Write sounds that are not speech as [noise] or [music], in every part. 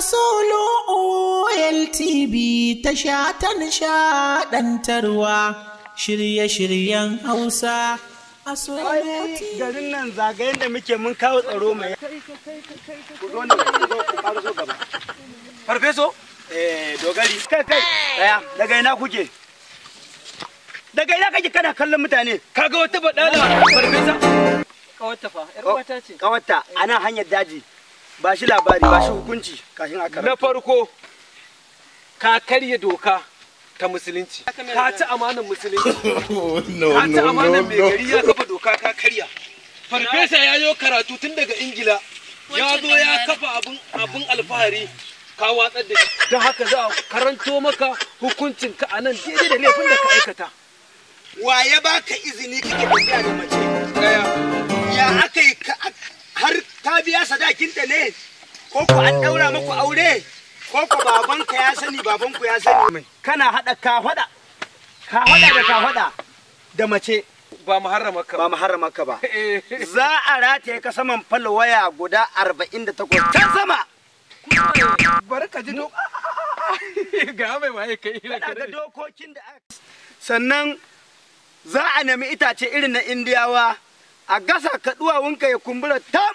solo oltb ta sha ta nishaɗantarwa shirye-shiryen Hausa. A solo garin nan zagayen da muke mun kawo tsaro mai. Farfeso? Eh, dogari. Kai kai, ɗaya, daga ina kuke? Daga ina kake kana kallon mutane, kaga wata da farfesa? Kawatta fa, ‘yar oh, uwata ce. Kawatta, ana hanyar daji. ba shi labari ba shi hukunci kafin a na farko ka karya doka ta musulunci [laughs] ka ci amanan musulunci ka ci amanan mai gari ya kafa doka ka karya farfesa ya yi karatu tun daga ingila ya zo ya kafa abin alfahari ka watsar da shi don haka za a karanto maka hukuncin ka a nan daidai da laifin da ka aikata wa ya baka izini kake tafiya da mace daya biya sadakinta ne ko ku an daura hada ka hada ka hada da ka hada da mace ba muharramaka ba ba [laughs] eh. za a rataye ka saman waya guda 48 can sama barka ji dok [laughs] ga da sannan za a nemi itace irin na indiyawa a gasa ka wunka ya kumbura tam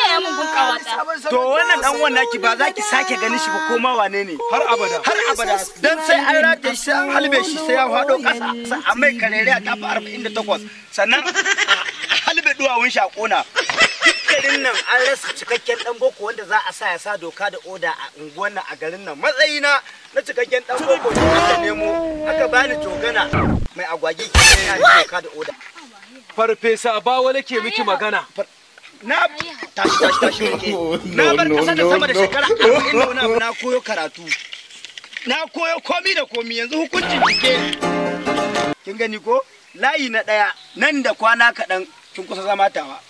kiyaye mun gun kawata. To wannan dan uwan naki ba za ki sake ganin shi ba ko ma wane ne. Har abada. Har abada. Dan sai an rataye shi an halbe shi sai ya faɗo ƙasa. A mai karere a kafa 48. Sannan halbe duwawun shi a kona garin nan an rasa cikakken dan boko wanda za a sa ya sa doka da oda a unguwan nan a garin nan matsayina na cikakken dan boko da aka nemo aka bani jogana mai agwagi ke doka da oda farfesa ba wale ke miki magana na tashi tashi tashi na bar kasa da sama da shekara [laughs] arba'in wani abu na koyo karatu na koyo komi da komi yanzu hukuncin jike kin gani ko layi na ɗaya nan da kwana kaɗan kin kusa zama tawa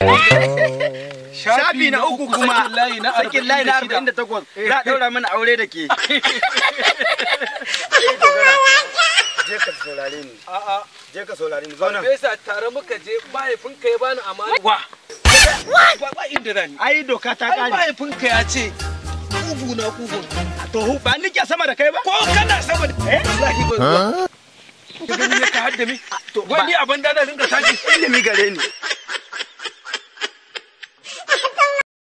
shafi na uku kuma sakin layi na arba'in da takwas za a daura mana aure da ke [laughs] je ka saurare ni a'a je ka saurare ni zauna me yasa tare muka je mahaifinka ya bani amana Ba inda rani. Ai doka ta kare. Ai mahaifinka ya ce kugu na kugu. To ba ni sama da kai ba? Ko kana sama da kai? Eh? Wallahi ba. Ka gani ka hadda mi? To wani abin da na rinka tashi ilimi gare ni.